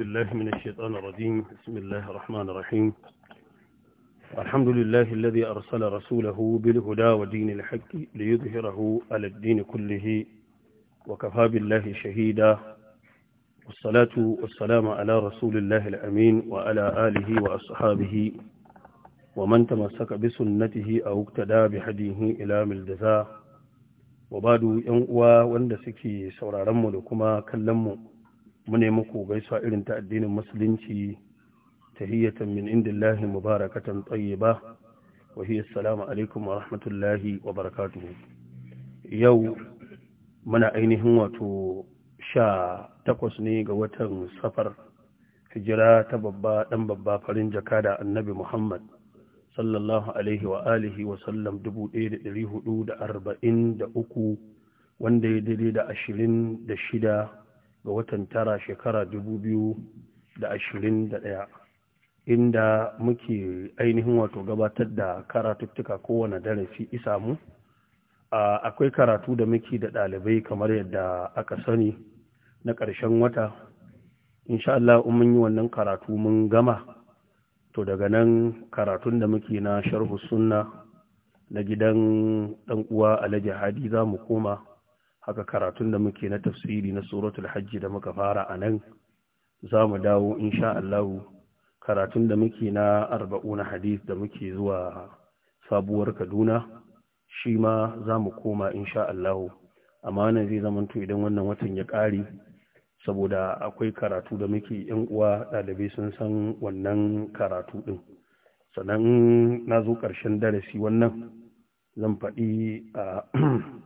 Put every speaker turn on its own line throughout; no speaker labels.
بالله من الشيطان الرجيم بسم الله الرحمن الرحيم الحمد لله الذي أرسل رسوله بالهدى ودين الحق ليظهره على الدين كله وكفى بالله شهيدا والصلاة والسلام على رسول الله الأمين وعلى آله وأصحابه ومن تمسك بسنته أو اقتدى بهديه إلى ملدزا وبعد ينقوى سورا رمو لكما كلمو mune muku gaisuwa irin ta addinin musulunci tahiyatan min indillahi mubarakatan ba. wa hiya assalamu alaikum wa rahmatullahi wa barakatuh yau muna ainihin wato sha takwas ne ga watan safar hijira ta babba dan babba farin jaka da annabi Muhammad sallallahu alaihi wa alihi wa sallam uku, wanda ya daidai da shida. ga watan tara shekara dubu biyu da ashirin da ɗaya inda muke ainihin wato gabatar da karatuttuka kowane darasi isa mu akwai karatu da muke da ɗalibai kamar yadda aka sani na ƙarshen wata insha Allah mun yi wannan karatu mun gama to daga nan karatun da muke na sharhu sunna na gidan ɗan uwa alhaji hadi za mu koma haka karatun da muke na tafsiri na suratul hajji da muka fara a nan za mu dawo insha Allah karatun da muke na arba'u na hadith da muke zuwa sabuwar Kaduna shi ma za mu koma insha Allah amma nan zai zamanto idan wannan watan ya ƙare saboda akwai karatu da muke yan uwa ɗalibai sun san wannan karatu ɗin sannan na zo ƙarshen darasi wannan zan faɗi a ah,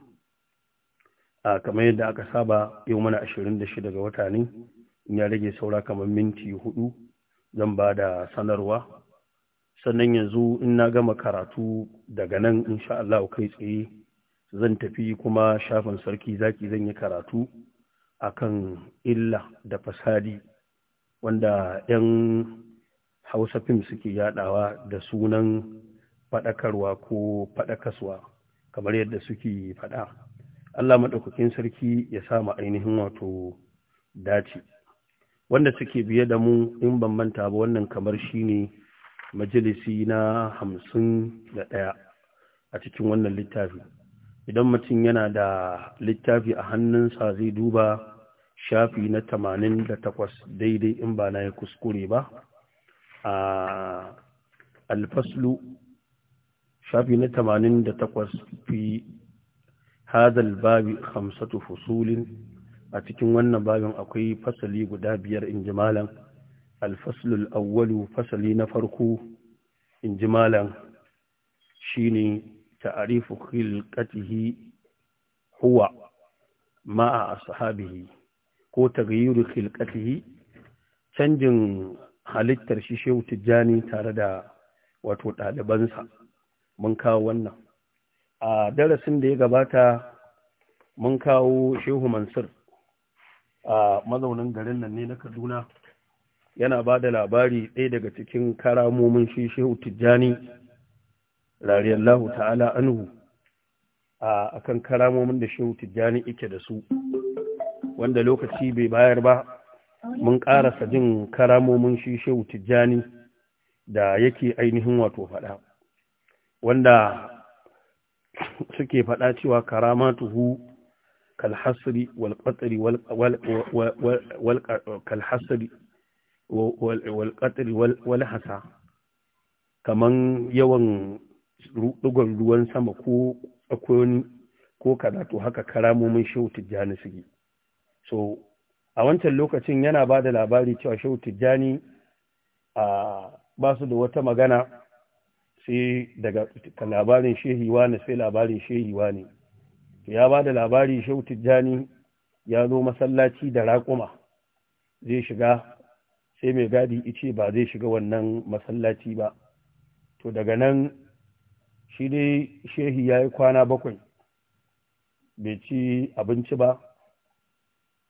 A kamar yadda aka saba yau mana 26 ga wata ne ya rage saura kamar minti hudu zan ba da sanarwa sannan yanzu in na gama karatu daga nan insha Allah kai tsaye zan tafi kuma shafin sarki zaki zan yi karatu a kan illa da fasadi wanda 'yan hausa fim suke yadawa da sunan faɗakarwa ko faɗakaswa kamar yadda suke faɗa Allah maɗaukakin sarki ya sa mu ainihin wato dace wanda suke biye da mu in ban manta ba wannan kamar shine majalisi na hamsin da ɗaya a cikin wannan littafi idan mutum yana da littafi a hannunsa zai duba shafi na tamanin da takwas daidai in ba na ya kuskure ba a alfaslu shafi na tamanin da takwas fi Hazal babi hamsatu fusulin a cikin wannan babin akwai fasali guda biyar in jimalan alfaslul awwalu fasali na farko in jimalan shine ta'arifu khilqatihi huwa ma'a ashabihi ko taghyiru khilqatihi canjin halittar shi shehu tijjani tare da wato ɗalibansa mun kawo wannan a darasin da ya gabata mun kawo shehu mansur a mazaunin garin nan ne na kaduna yana ba da labari ɗaya daga cikin karamomin shi shehu tijjani rariyallahu ta'ala anhu a kan karamomin da shehu tijjani ike da su wanda lokaci bai bayar ba mun ƙarasa jin karamomin shi shehu tijjani da yake ainihin wato faɗa wanda suke faɗa cewa karama kalhasri wal qatri wal wal kalhasri wal qatri wal hasa kaman yawan dugon ruwan sama ko akwai ko kaza haka karamomin shehu tijjani suke so a wancan lokacin yana ba da labari cewa shehu tijjani a ba su da wata magana sai daga labarin shehi wani sai labarin shehi wani ya ba da labari shehu tijjani ya zo masallaci da raƙuma zai shiga sai mai gadi ice ba zai shiga wannan masallaci ba to daga nan shi dai shehi ya yi kwana bakwai bai ci abinci ba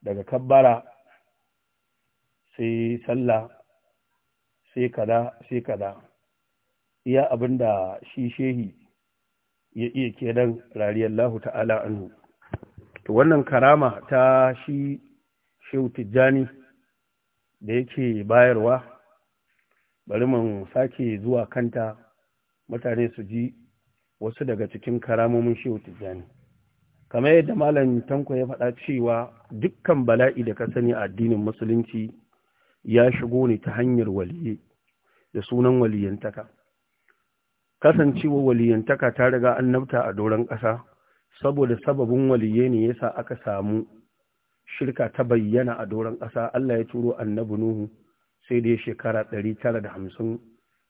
daga kabbara sai sallah sai kada sai kada iya abin da shi shehi ya iya kenan rariyallahu ta'ala anhu to wannan karama ta shi shehu tijjani da yake bayarwa bari mun sake zuwa kanta mutane su ji wasu daga cikin karamomin shehu tijjani kamar yadda malam tanko ya faɗa cewa dukkan bala'i da ka sani a addinin musulunci ya shigo ne ta hanyar waliye da sunan waliyantaka kasancewa waliyantaka ta riga annabta a doron ƙasa saboda sababin waliye ne yasa aka samu shirka ta bayyana a doron ƙasa Allah ya turo annabi Nuhu sai da shekara 950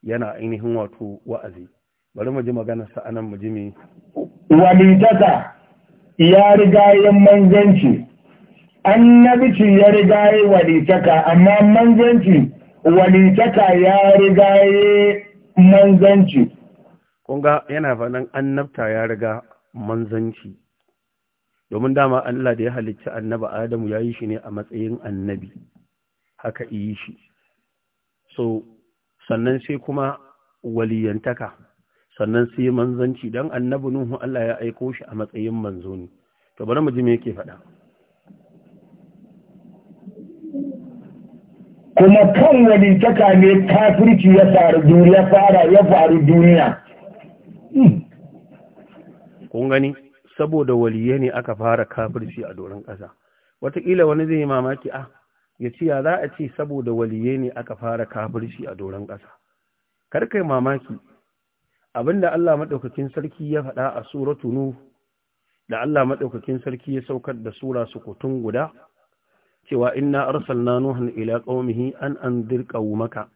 yana ainihin wato wa'azi bari mu ji maganar sa anan mu ji me
walidaka ya riga ya manzanci ci ya riga ya amma manzanci walitaka ya riga ya manzanci
kunga yana faɗan annabta ya riga manzanci domin dama Allah da ya halicci annaba Adamu ya yi shi ne a matsayin annabi haka yi shi so sannan sai kuma waliyantaka sannan sai manzanci dan annabi Nuhu Allah ya aiko shi a matsayin manzo ne to bari mu ji me yake faɗa
kuma kan waliyantaka ne kafirci ya faru duniya fara ya faru duniya
kun gani saboda waliye ne aka fara kafirci a doron ƙasa wataƙila wani zai yi mamaki a ah, ya ce ya za a ce saboda waliye ne aka fara kafirci a doron ƙasa karkai mamaki abinda Allah maɗaukakin sarki ya faɗa a suratu nu da Allah maɗaukakin sarki ya saukar da sura sukutun guda cewa inna arsalna nuhan ila qaumihi an andir qaumaka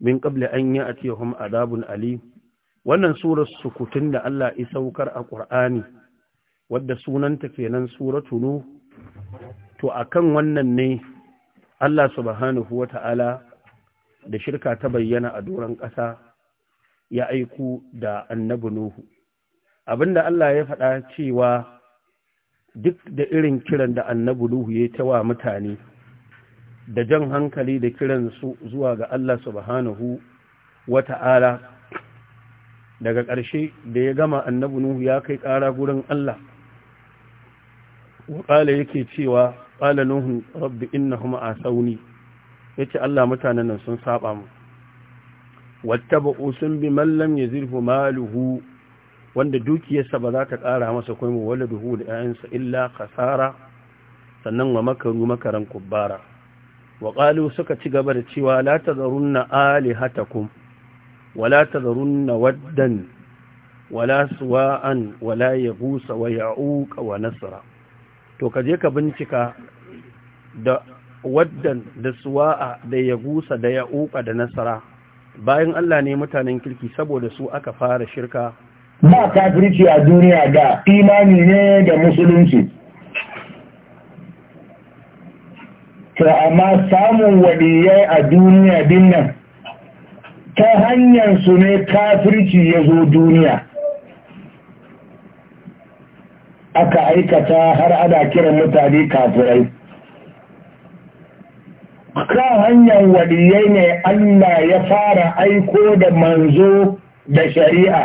min qabli an ya'tihum adabun Ali. wannan surar sukutun da Allah isa saukar a ƙur'ani, wadda sunanta kenan suratu nu to akan wannan ne Allah subhanahu wata'ala da shirka ta bayyana a doron ƙasa ya aiku da annabi Nuhu abinda Allah ya faɗa cewa duk da irin kiran da annabi Nuhu ta wa mutane da jan hankali da kiran su zuwa ga Allah subhanahu wata'ala daga ƙarshe da ya gama annabu nuhu ya kai ƙara gurin Allah waƙala yake cewa ƙala nuhu rabbi Inna sauni Ya ce Allah mutanen nan sun saba mu wattaba'u sun bi Mallam ya zirfi maluhu wanda dukiyarsa ba za ta ƙara masa kwai mu duhu da 'ya'yansa illa kasara, sannan wa makaru makaran kubbara wa ƙalu suka ci gaba da cewa la tazarunna alihatakum wala tazarunna waddan wala suwa'an wala yahusa wa ya'uqa wa to kaje ka bincika da waddan da suwa'a da yagusa da ya'uqa da nasara. bayan Allah ne mutanen kirki saboda su aka fara shirka
ba kafirci a duniya da. imani ne da musulunci to amma samun wadiyai a duniya dinnan ta hanyar su ne kafirci ya zo duniya aka aikata har ada kiran mutane kafirai kan hanyar waliyai ne Allah ya fara aiko da manzo da shari'a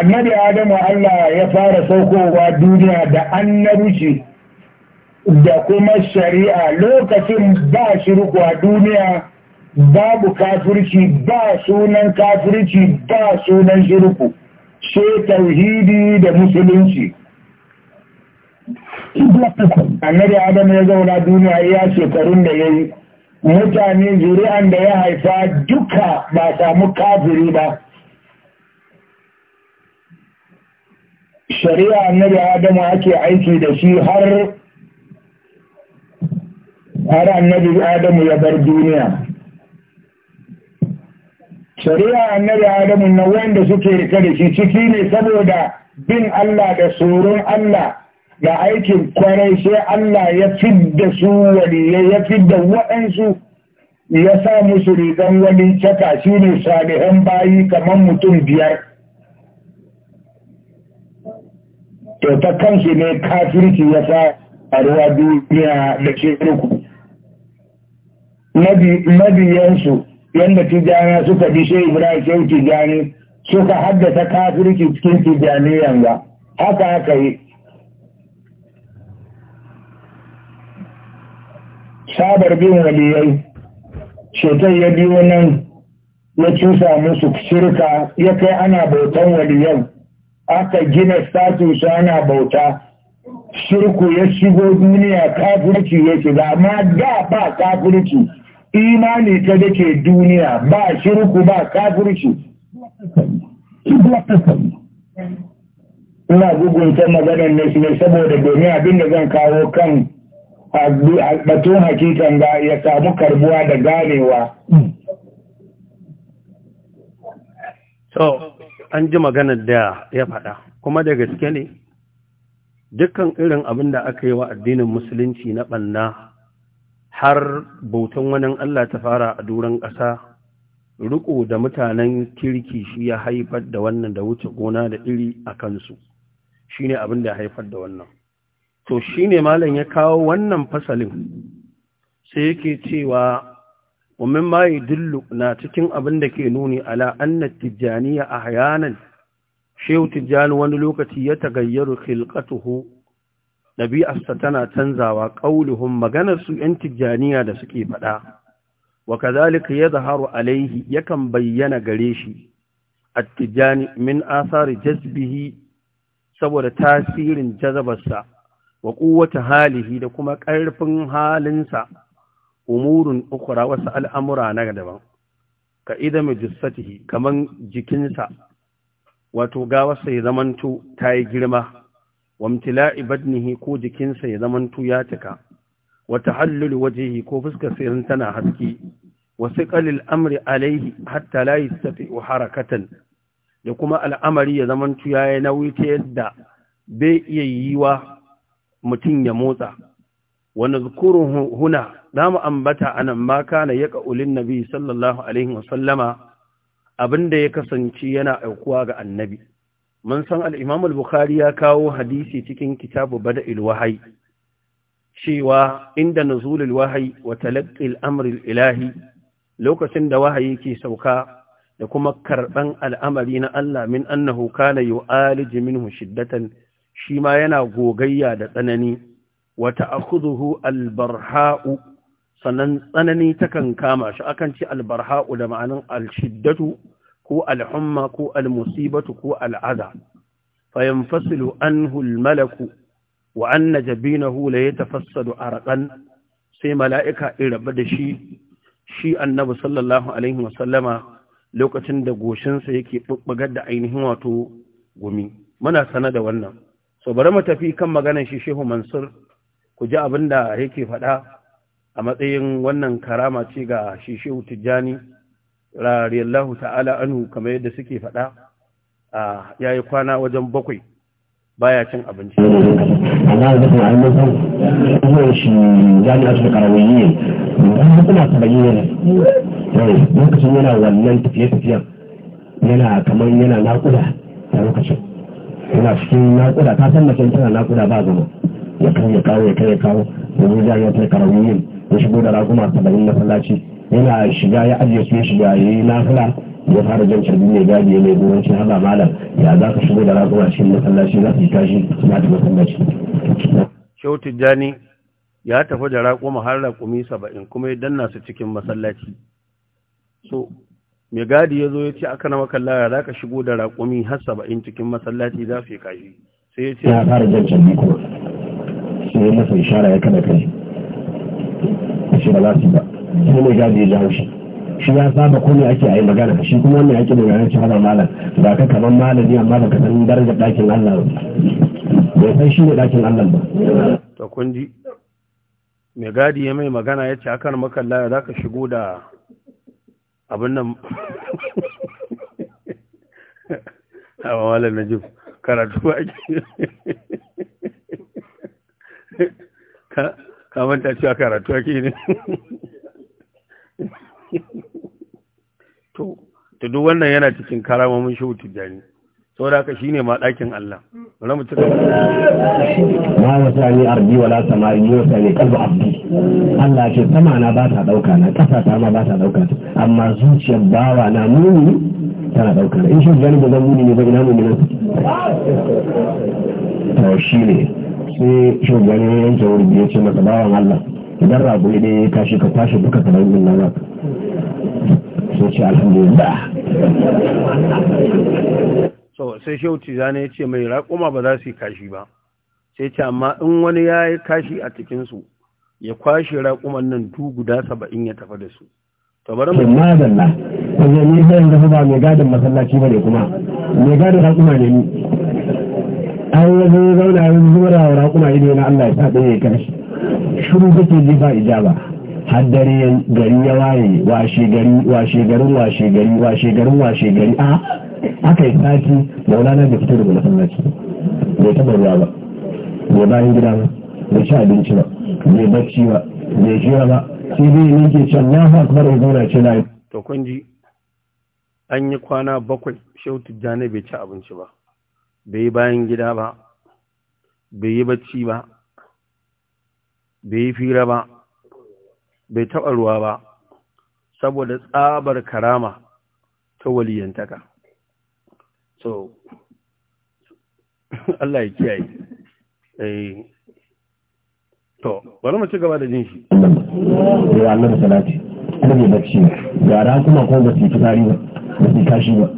annabi adamu Allah ya fara saukowa duniya da annabci da kuma shari'a lokacin ba shirku a duniya babu kafirci ba sunan kafirci ba sunan shirku sai tauhidi da musulunci annabi adam ya zauna duniya ya shekarun da ya yi mutane zuri'an da ya haifa duka ba samu kafiri ba shari'a annabi adamu ake aiki da shi har har annabi Adamu ya bar duniya. Shari'a annabi Adamu na wanda suke rika da shi ciki ne saboda bin Allah da tsoron Allah da aikin kwarai sai Allah ya fidda su waliyai ya fidda waɗansu ya sa musu rigan wani caka shi ne salihan bayi kamar mutum biyar. To ta kansu ne kafirci ya sa a ruwa duniya da shirku. mabiyansu yadda tijjani suka bi shi ibrahim sai tijjani suka haddasa kafirki cikin tijjani ba haka aka yi sabar bin waliyai shekai ya biyo nan ya cusa musu shirka ya kai ana bautan waliyan aka gina statusu ana bauta shirku ya shigo duniya kafirci ya shiga amma da ba kafirci imani ta dake duniya ba shirku ba kafirci ina gugunta maganar na saboda domin abin da zan kawo kan batun hakikan ga ya samu karbuwa da ganewa
so an ji maganar da ya faɗa kuma da gaske ne dukkan irin abin da aka yi wa addinin musulunci na ɓanna har bautan wannan Allah ta fara a duran ƙasa riko da mutanen kirki shi ya haifar da wannan da wuce gona da iri a kansu Shi ne abin da haifar da wannan to shi ne malam ya kawo wannan fasalin sai yake cewa wa mimma Dillu na cikin abin da ke nuni ala anna tijaniya ahyanan shehu tijani wani lokaci ya tagayyaru khilqatuhu ɗabi'arsa tana canzawa ƙauluhun maganarsu ‘yan tijjaniya da suke faɗa, wa kazalika ya zaharu alaihi yakan bayyana gare shi, a tijjani min asari jazbihi saboda tasirin jazabarsa, wa ƙuwata halihi da kuma ƙarfin halinsa, umurun ukura wasu al'amura na daban, ka ida mai jisatihi kamar jikinsa, wato wasu ya zamanto ta yi girma. wamtila'i badnihi ko jikinsa ya zaman ya cika wa tahallul wajhihi ko fuskar sa tana haske Wasu ƙalil amri alaihi hatta la yastati harakatan da kuma al'amari ya zamantu yayi nauyi ta yadda bai iya yiwa mutum ya motsa wa nazkuruhu huna zamu ambata anan ma kana ƙaulin nabi sallallahu alaihi wasallama da ya kasance yana aukuwa ga annabi mun san al'imam al-bukhari ya kawo hadisi cikin kitabu bada ilwahai cewa inda nuzulul wahayi wa talaqqil amril ilahi lokacin da wahayi ke sauka da kuma karɓan al'amari na Allah min annahu kana yu'aliji minhu shiddatan shi ma yana gogayya da tsanani wata ta'khudhuhu al sannan tsanani takan kama shi akan ci albarha'u da ma'anin al-shiddatu ko al'umma ko al'musibatu ko al'aza fayanfasilu anhu al-malaku wa anna jabinahu la yatafassadu arqan sai mala'ika in rabu da shi shi annabi sallallahu alaihi wasallama lokacin da goshinsa yake bubbugar da ainihin wato gumi muna sana da wannan so bari mu tafi kan maganar shi Shehu Mansur ku ji abin da yake faɗa a matsayin wannan karama ce ga shi Shehu Tijjani radiyallahu ta'ala anu kamar yadda suke faɗa a yayi kwana wajen bakwai baya cin abinci
Allah ya zama almusan zuwa shi jami'ar da karawiyyi ne kuma ta bayyana ne lokacin yana wannan tafiye-tafiyen yana kamar yana naƙuda a lokacin yana cikin naƙuda ta san mace tana naƙuda ba zama ya kan ya kawo ya kai ya kawo da zuwa jami'ar da karawiyyi ya shigo da raguma saba'in masallaci yana shiga ya ajiye su shiga ya yi nafila ya fara jan carbi mai gadi mai gurancin haɓa malam ya za ka shigo da raƙuma cikin masallaci za su yi tashi suna ta masallaci.
Shehu Tijjani ya tafi da raƙuma har raƙumi saba'in kuma ya danna su cikin masallaci. So, mai gadi ya zo ya ce aka na makalla ya za ka shigo da raƙumi har saba'in cikin masallaci za su yi kashi. Sai ya ce. Ya fara jan
carbi kuma. Sai ya masa ishara ya kada kai. Shi ba za su ba. sai mai gadi ya ji haushi shi ya saba ko ne ake ayi magana shi kuma wannan yake da ci haba malam ba ka kaman malami amma baka san darajar dakin Allah ba bai san shi ne dakin Allah ba
to kun ji me gadi ya mai magana yace akan makalla za ka shigo da abin nan amma malam najib karatu ake ka manta cewa karatu ake ne ta duk wannan yana cikin karamomin shehu tijjani saboda haka shine ma dakin Allah bari mu cika
ma wasa ni ardi wala samari ni wasa ni qalbu abdi Allah ke sama na ba ta dauka na ƙasa ta ma ba ta dauka amma zuciyar bawa na muni tana dauka na in shi jani ba zan muni ne ba ina muni ne to shine sai shugaban yanke wurbi ya ce masa bawan Allah idan rabu ne ka shi ka kwashe duka sararin nan ba so ce alhamdulillah
so sai shehu tijani ya ce mai raƙuma ba za su yi kashi ba sai ce amma in wani ya yi kashi a cikinsu ya kwashe raƙuman nan du guda saba'in ya tafa da su to bari mu madalla
ko zai ni zan dafa ba mai gadin
masallaci ba ne kuma mai gadin raƙuma ne ni an yanzu zauna yanzu zuwa raƙuma ido na Allah ya sa ɗaya ya kashi shiru kake ji ijaba haddare gari ya waye washe gari washe gari washe gari washe gari washe gari a ah, aka yi sati maulana da fito daga masallaci bai taba ruwa ba bai bayan gida ba bai ci abinci ba bai bacci ba bai jira ba
sai dai yi ke can na hakuwar ya zauna ce na to kun ji an yi kwana bakwai shautu jane bai ci abinci ba bai yi bayan gida ba bai yi bacci ba bai yi fira ba bai taɓa ruwa ba saboda tsabar karama ta waliyantaka so Allah ya kiyaye eh to bari mu ci gaba da jin shi
ya Allah salati annabi bacci ga ran kuma ko ba su tsari ba ba su tashi ba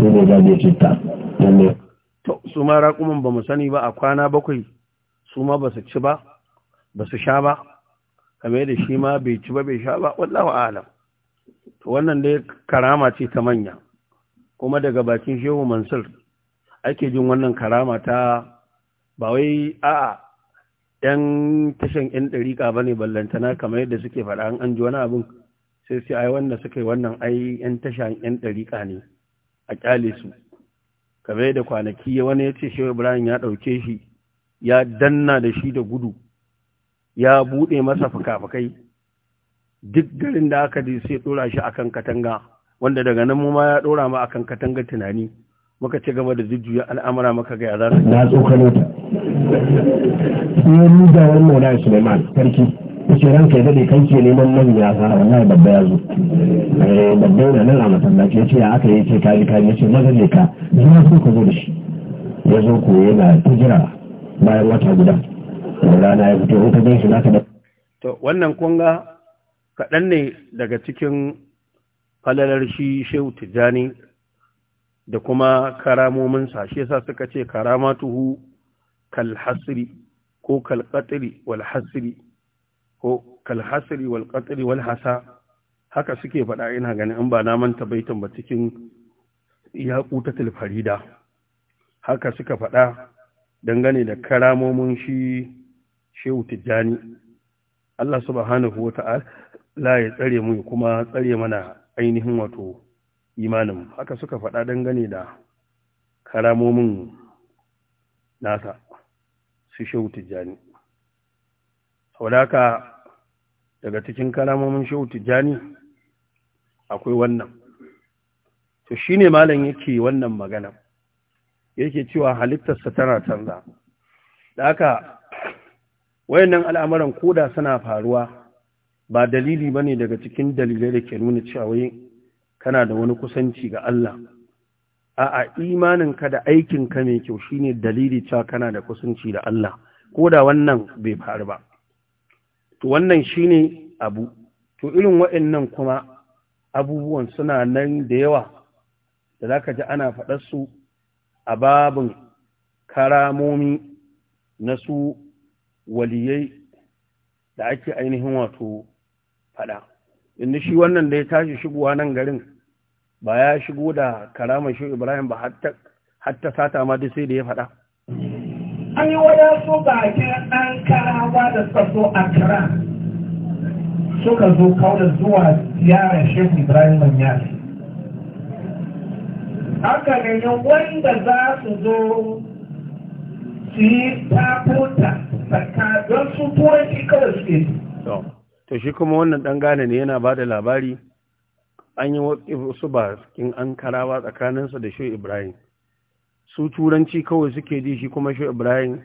su ne ga ne citta lalle
to su ma raƙumin ba mu sani ba a kwana bakwai su ma ba su ci ba ba su sha ba game da shi ma bai ci ba bai sha ba wallahu alam to wannan dai karama ce ta manya kuma daga bakin shehu mansur ake jin wannan karama ta ba wai a'a yan tashan yan ɗariƙa ba ne ballantana kamar yadda suke faɗa an ji wani abin sai sai ai wanda suka yi wannan ai yan tashan yan ɗariƙa ne a ƙyale su kamar yadda kwanaki wani ya ce shehu ibrahim ya ɗauke shi ya danna da shi da gudu ya buɗe masa fuka-fukai duk garin da aka je sai ɗora shi akan katanga wanda daga nan mu ma ya ɗora mu akan katanga tunani muka ci gaba da jujjuya al'amura maka ga za su na tsokano ta sai
ni wani wannan ya Suleiman sarki kuce ranka ya dade kanke neman nan ya sa wallahi babba ya zo eh babba yana nan a masallaci ya ce ya aka yi yace kaji kaji ce maza ne ka zuwa so ka zo da shi ya zo ko yana ta jira bayan wata guda rana ya fito shi da
to wannan kunga kaɗan ne daga cikin falalar shi shehu tijjani da kuma karamominsa shi yasa suka ce karamatuhu kal hasri ko kal qatri wal hasri ko kal hasri wal qatri wal hasa haka suke faɗa ina ganin in ba na manta baitin ba cikin yaqutatul farida haka suka faɗa dangane da karamomin shi shehu tijjani Allah subhanahu wa ta'ala ya tsare mu kuma tsare mana ainihin wato imanin haka suka faɗa dangane da karamomin nasa su shehu tijjani saudaka daga cikin karamomin shehu tijjani akwai wannan to shine malam yake wannan magana yake cewa halittarsa tana canza da aka wayannan al'amuran koda suna faruwa ba dalili bane daga cikin dalilai da ke nuna cewa kana da wani kusanci ga Allah a'a imaninka da aikinka mai kyau shine dalili cewa kana da kusanci da Allah koda wannan bai faru ba to wannan shine abu to irin wayannan kuma abubuwan suna nan da yawa da zaka ji ana faɗar su a babin karamomi na su waliyai da ake ainihin wato faɗa inda shi wannan da ya tashi shigowa nan garin ba ya shigo da karamar shi ibrahim ba hatta sata ma duk sai da ya faɗa
an yi ga bakin ɗan karawa da tsaso a kara suka zo kawo da zuwa ziyarar shi ibrahim manyar aka ne wanda za su zo su yi tafuta zakka don su turanci kawai suke
to shi kuma wannan dan gane ne yana bada labari an yi wasu ba in an karawa tsakaninsa da shi ibrahim su turanci kawai suke ji shi kuma shi ibrahim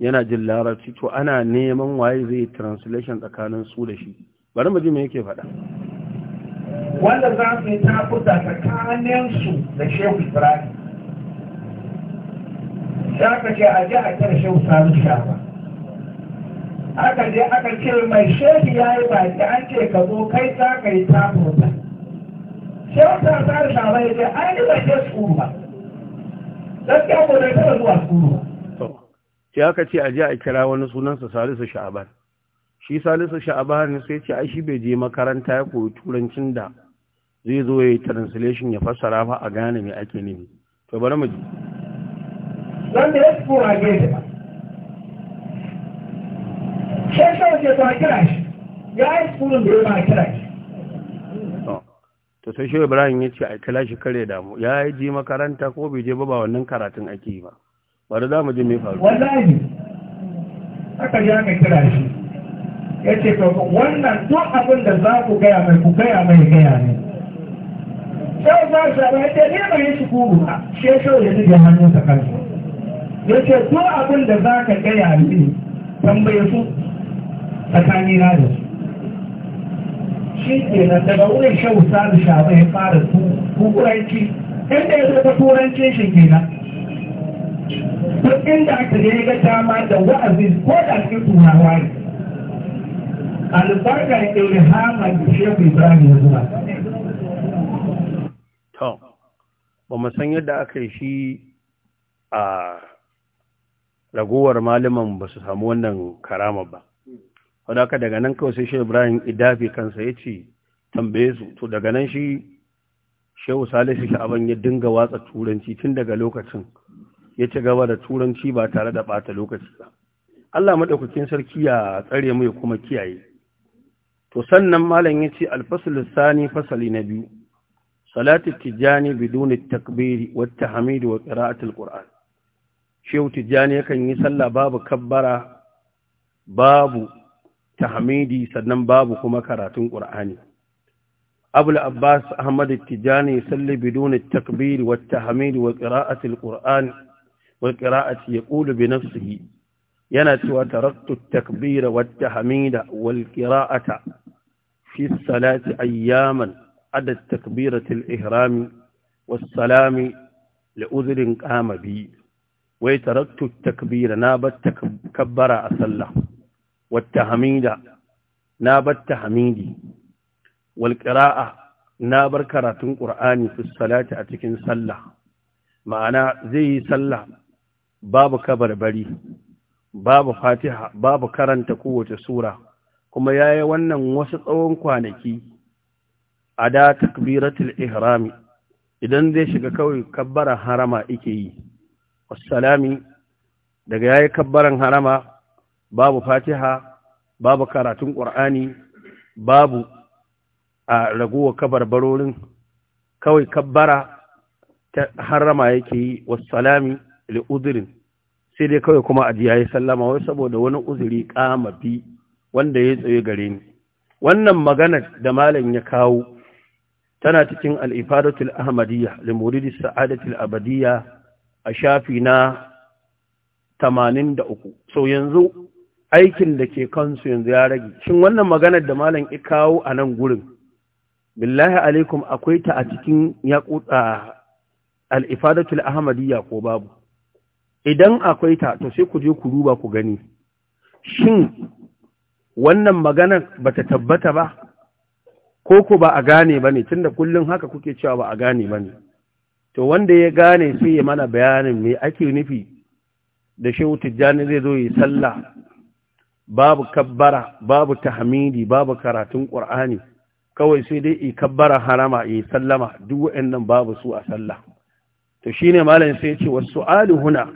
yana jin larabci to ana neman waye zai yi translation tsakanin su da shi bari mu ji me yake faɗa
wanda za su yi tafuta tsakaninsu da shehu ibrahim za ka ce a ji a ƙarshen samun shafa aka je aka ce mai shehi ya yi baki an ce ka zo kai za ka yi tafuta sai wata tsara shafa ya ce an yi bai je tsuru ba gaskiya ko bai taɓa zuwa tsuru ba
sai aka ce a je a kira wani sunansa salisu sha'aban shi salisu sha'aban sai ce a shi bai je makaranta ya koyi turancin da zai zo ya yi translation ya fassara fa a gane me ake nemi to bari mu ji
wanda ya a gefe ba sai sai ke a kira shi ya yi tsoron da ya ba kira shi
to sai shi ibrahim ya ce a kila shi kare damu ya yi ji makaranta ko bai je ba ba wannan karatun ake yi ba ba da za mu ji mai faru wallahi
aka ji aka kira shi ya ce to wannan duk abin da za ku gaya mai ku gaya mai gaya ne sai ba shi abin da ne mai shi kuru ba shi ya shi ya ji hannun sa ya ce to abin da za ka gaya ne, tambaye su tsakanin na da shi ke na daga wurin shau sadu shaba ya fara turanci inda ya zata turancin shi ke na duk inda aka ne ga dama da wa'azi ko da ke turawa ne Albarka ya hama da shehu ibrahim ya zuwa
ba mu san yadda aka yi shi a ragowar malaman ba su samu wannan karama ba wadda aka daga nan kawai sai Shehu ibrahim idafi kansa ya ce tambaye su to daga nan shi shehu salisu sha'aban ya dinga watsa turanci tun daga lokacin ya ci gaba da turanci ba tare da ɓata lokaci ba allah maɗaukakin sarki ya tsare mu ya kuma kiyaye to sannan malam ya ce alfasul sani fasali na biyu salatu tijani biduni takbiri wata hamidu wa qira'atul qur'an shehu tijjani yakan yi sallah babu kabbara babu tahmidi sannan babu kuma karatun qur'ani abul abbas ahmad tijjani salli bidun takbir wa tahmid wa qira'ati al-qur'an wa qira'ati yaqulu bi nafsihi yana cewa taraktu at-takbira wa tahmida wal qira'ata fi as-salati ayyaman ada takbiratul ihrami was salami li udhrin qama bi wai taraktu takbira na batta kabbara a sallah wata hamida na batta hamidi wal qira'a na bar karatun qur'ani fi salati a cikin sallah ma'ana zai yi sallah babu kabarbari babu fatiha babu karanta kowace sura kuma yayi wannan wasu tsawon kwanaki ada takbiratul ihrami idan zai shiga kawai kabbara harama yake yi wassalami daga yayi kabbaran harama babu fatiha babu karatun ƙur'ani babu a raguwa kabarbarorin kawai kabbara ta harama yake yi wassalami li uzirin, sai dai kawai kuma aji yayi sallama wai saboda wani uzuri kama bi wanda ya tsaye gare ni wannan magana da malam ya kawo tana cikin al-ifadatul ahmadiyya li muridi sa'adatul abadiyya a shafi na tamanin da uku, so yanzu aikin da ke kansu yanzu ya rage shin wannan maganar da malam ya kawo a nan gurin billahi alaikum akwai ta a cikin yaquta al-ifadatul ahmadiyya ko babu idan akwai ta to sai ku je ku duba ku gani shin wannan maganar ba ta tabbata ba ko ku ba a gane ba tun tunda kullum haka kuke cewa ba a gane ba ne. to wanda ya gane sai ya mana bayanin me ake nufi da shehu tijjani zai zo yi sallah babu kabbara babu tahmidi babu karatun qur'ani kawai sai dai yi kabbara harama yi sallama duk waɗannan babu su a sallah to shine malam sai ya ce wasu alu huna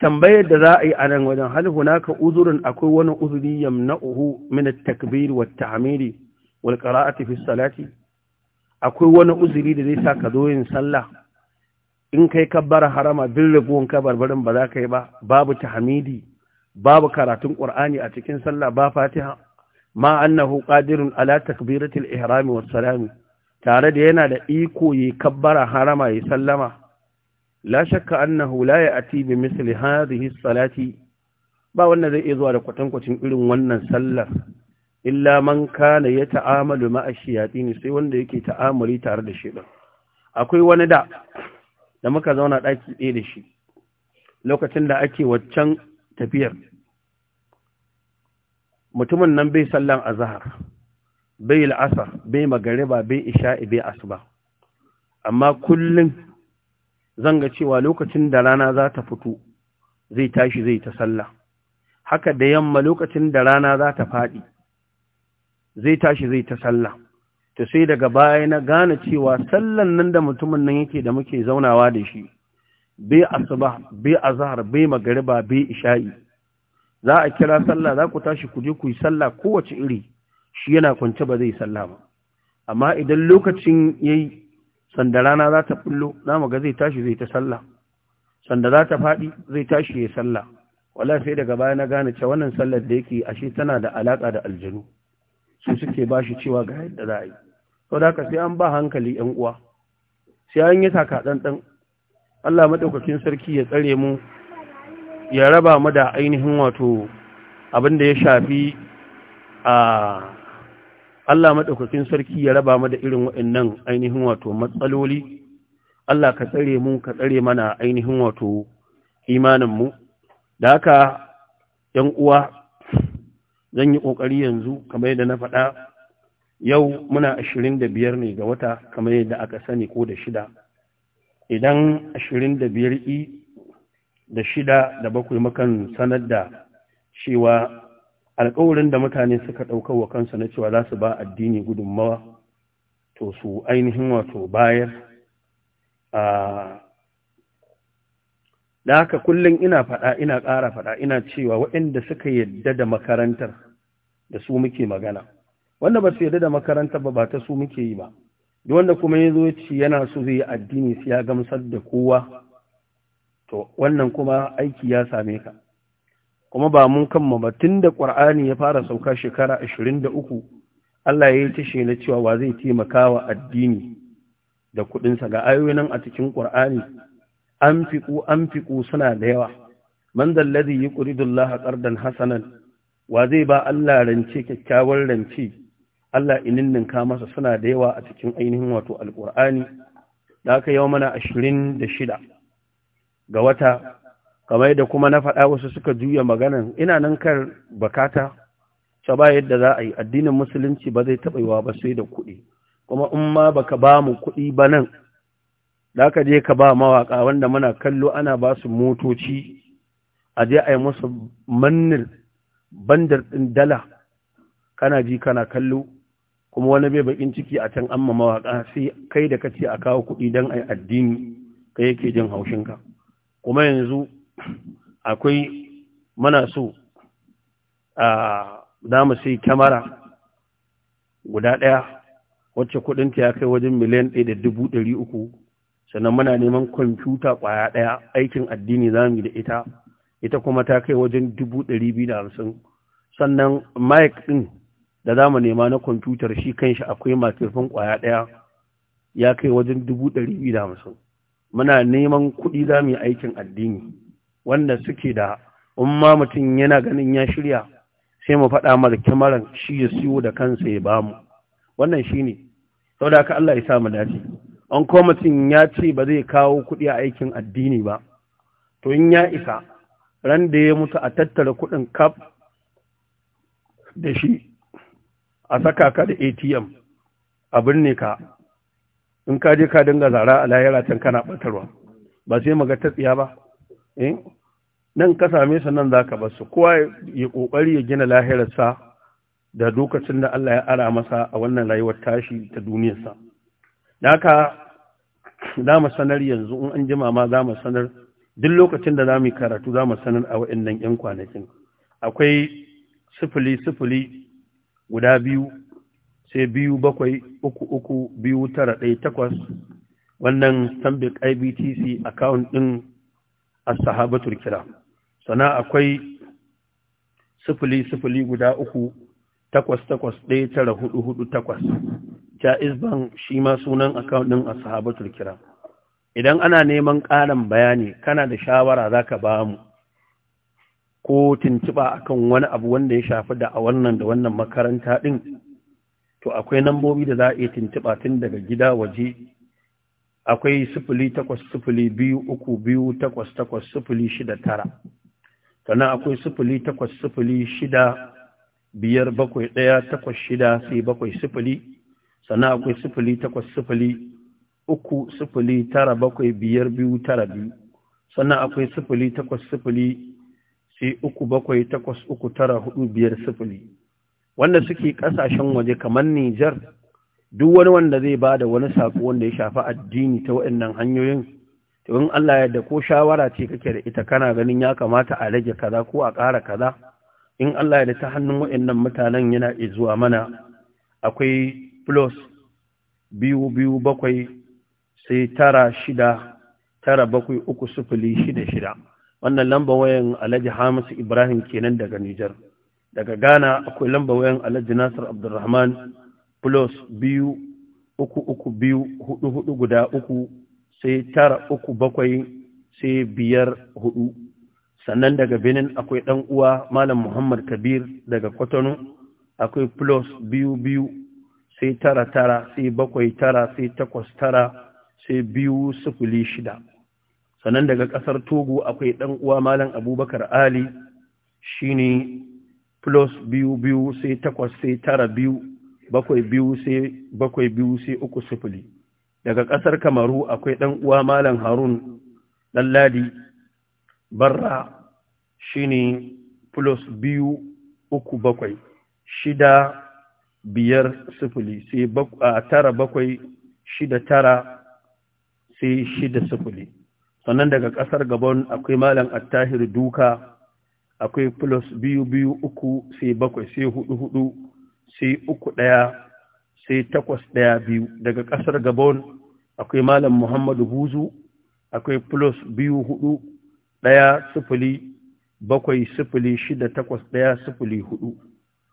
tambayar da za a yi a nan wajen hal hunaka uzurin akwai wani uzuri yamna'uhu min at-takbir wat-tahmidi wal qira'ati fi salati akwai wani uzuri da zai sa ka zo yin sallah in kai kabbara harama bin raguwan kabarbarin ba za ka yi ba babu tahmidi babu karatun qur'ani a cikin sallah ba fatiha ma annahu qadirun ala takbiratil ihrami was salami tare da yana da iko yi kabbara harama yi sallama la shakka annahu la ya'ti bi misli hadhihi salati ba wannan zai iya zuwa da kwatankwacin irin wannan sallar illa man kana ya ta'amalu ma'a ne, sai wanda yake ta'amuli tare da shi shedan akwai wani da da muka zauna ɗaki ɗaya da shi lokacin da ake waccan tafiyar mutumin nan bai sallan azahar, bai la'asar, bai magariba bai isha'i bai asuba amma kullun zanga cewa lokacin da rana za ta fito zai tashi zai ta sallah haka da yamma lokacin da rana za ta faɗi zai tashi zai ta sallah to sai daga baya na gane cewa sallan nan da mutumin nan yake da muke zaunawa da shi bai asuba bai azhar bai magriba bai isha'i za a kira sallah za ku tashi ku je ku yi sallah kowace iri shi yana kwance ba zai sallah ba amma idan lokacin yayi sanda rana za ta fullo za mu zai tashi zai ta sallah sanda za ta faɗi zai tashi ya sallah wala sai daga baya na gane cewa wannan sallar da yake ashe tana da alaka da aljanu su suke ba shi cewa ga yadda za a yi sau da sai an ba hankali ‘yan uwa sai an yi taka ɗanɗan Allah maɗaukakin sarki ya tsare mu ya raba mu da ainihin wato abin da ya shafi a Allah maɗaukakin sarki ya raba mu da irin waɗannan ainihin wato matsaloli Allah ka tsare mu ka tsare mana ainihin wato imanin mu. da haka ‘yan uwa zan yi ƙoƙari yanzu kamar yadda na faɗa yau muna ashirin da biyar ne ga wata kamar yadda aka sani ko da shida idan ashirin da biyar i da shida da bakwai makan sanar da cewa alkawarin da mutane suka ɗaukar wa kansu na cewa za su ba addini gudunmawa to su ainihin wato bayar ah, da haka kullum ina faɗa ina ƙara faɗa ina cewa waɗanda suka yadda da makarantar da su muke magana wanda ba su yadda da makarantar ba ba ta su muke yi ba duk wanda kuma ya zo ci yana su zai yi addini sai ya gamsar da kowa to wannan kuma aiki ya same ka kuma ba mun kanmu ba tun da ƙwar'ani ya fara sauka shekara ashirin da uku Allah ya yi tashe na cewa wa zai taimaka wa addini da kuɗinsa ga ayoyi nan a cikin ƙwar'ani anfiqu anfiqu suna da yawa man dal ladhi yuqridu Allah qardan hasanan wa zai ba Allah rance kyakkyawar rance Allah ininnin ka masa suna da yawa a cikin ainihin wato alqur'ani da aka yau mana shida? ga wata kamar da kuma na faɗa wasu suka juya maganan ina nan kar bakata ta ba yadda za a yi addinin musulunci ba zai taɓa yiwa ba sai da kuɗi kuma in ma baka ba mu kuɗi ba nan da aka je ka ba mawaƙa, wanda muna kallo ana ba su motoci a je a yi musu mannir bandar ɗin dala kana ji kana kallo kuma wani bai bakin ciki a can amma mawaƙa sai kai da kace a kawo kuɗi don a yi addini kai yake jin haushinka kuma yanzu akwai mana so a damu sai kyamara guda ɗaya wacce kuɗinta ya kai wajen miliyan ɗaya da dubu ɗari uku sannan muna neman kwamfuta ƙwaya ɗaya aikin addini za mu yi da ita ita kuma ta kai wajen dubu ɗari biyu da hamsin sannan mic ɗin da za mu nema na kwamfutar shi kanshi akwai makirfin ƙwaya ɗaya ya kai wajen dubu ɗari biyu da hamsin muna neman kuɗi za mu yi aikin addini wanda suke da in ma mutum yana ganin ya shirya sai mu faɗa mara kyamaran shi ya siyo da kansa ya bamu wannan shine saboda haka Allah ya sa mu dace an kwamitin ya ce ba zai kawo kuɗi a aikin addini ba to in ya isa ran da ya mutu a tattara kuɗin kaf da shi a saka ka da atm a birni ka in ka je ka dinga zara a layara can kana ɓatarwa ba sai maga ta tsiya ba eh? nan ka same su nan za ka basu kowa ya ƙoƙari ya gina lahirarsa da lokacin da Allah ya ara masa a wannan rayuwar tashi ta duniyarsa. naka za mu sanar yanzu in an jima ma za mu sanar duk lokacin da za mu karatu za mu sanar a waɗannan 'yan kwanakin akwai sifili sifili guda biyu sai biyu bakwai uku uku biyu tara ɗaya takwas wannan tambik ibtc account ɗin a sahabatul kira sana akwai sifili sifili guda uku takwas takwas ɗaya tara hudu hudu takwas jaiz ban shi ma sunan account din ashabatul kiram idan ana neman ƙarin bayani kana da shawara zaka ba mu ko a akan wani abu wanda ya shafi da a wannan da wannan makaranta ɗin, to akwai nambobi da za a iya tuntuɓa tun daga gida waje akwai sifili takwas sifili biyu uku biyu takwas takwas shida tara sannan akwai sifili takwas shida biyar bakwai ɗaya takwas shida sai bakwai sannan akwai sifili takwas sifili uku sifili tara bakwai biyar biyu tara biyu sannan akwai sifili takwas sifili sai uku bakwai takwas uku tara hudu biyar sifili wanda suke kasashen waje kamar Nijar duk wani wanda zai ba da wani saƙo wanda ya shafi addini ta waɗannan hanyoyin to in Allah ya da ko shawara ce kake da ita kana ganin ya kamata a rage kaza ko a ƙara kaza in Allah ya da ta hannun waɗannan mutanen yana zuwa mana akwai plus biyu biyu bakwai sai tara shida tara bakwai uku sufuli shida shida wannan lamba wayan alhaji hamisu ibrahim kenan daga nijar daga ghana akwai lamba wayan alhaji nasir abdulrahman plus biyu uku uku biyu hudu hudu guda uku sai tara uku bakwai sai biyar hudu sannan daga benin akwai dan uwa malam muhammad kabir daga kwatano akwai plus biyu biyu sai tara tara sai bakwai tara sai takwas tara sai biyu sufuli shida sannan daga ƙasar togo akwai ɗan uwa malam abubakar ali shine plus biyu biyu sai takwas sai tara biyu bakwai biyu sai bakwai biyu sai uku sufuli daga ƙasar kamaru akwai ɗan uwa malam harun ɗan ladi barra shine plus biyu uku bakwai shida biyar sifili sai tara bakwai shida tara sai shida sifili sannan daga ƙasar gabon akwai malam attahir duka akwai plus biyu biyu uku sai bakwai sai hudu hudu sai uku ɗaya sai takwas ɗaya biyu daga ƙasar gabon akwai malam muhammadu buzu akwai plus biyu hudu ɗaya sifili bakwai sifili shida takwas ɗaya sifili hudu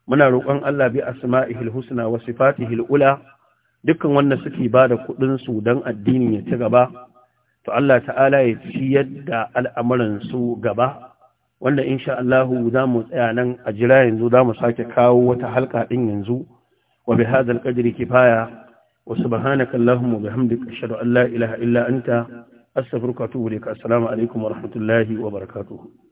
muna roƙon Allah bi asma'ihil husna wa sifatihil ula dukkan wanda suke bada kuɗin su don addini ya ci gaba to Allah ta'ala ya ciyar yadda al'amuran su gaba wanda insha Allah za mu tsaya nan a jira yanzu za mu sake kawo wata halka din yanzu wa bi hadal qadri kifaya wa subhanaka allahumma bihamdika ashhadu an la ilaha illa anta astaghfiruka wa atubu ilaik assalamu alaikum wa rahmatullahi wa barakatuh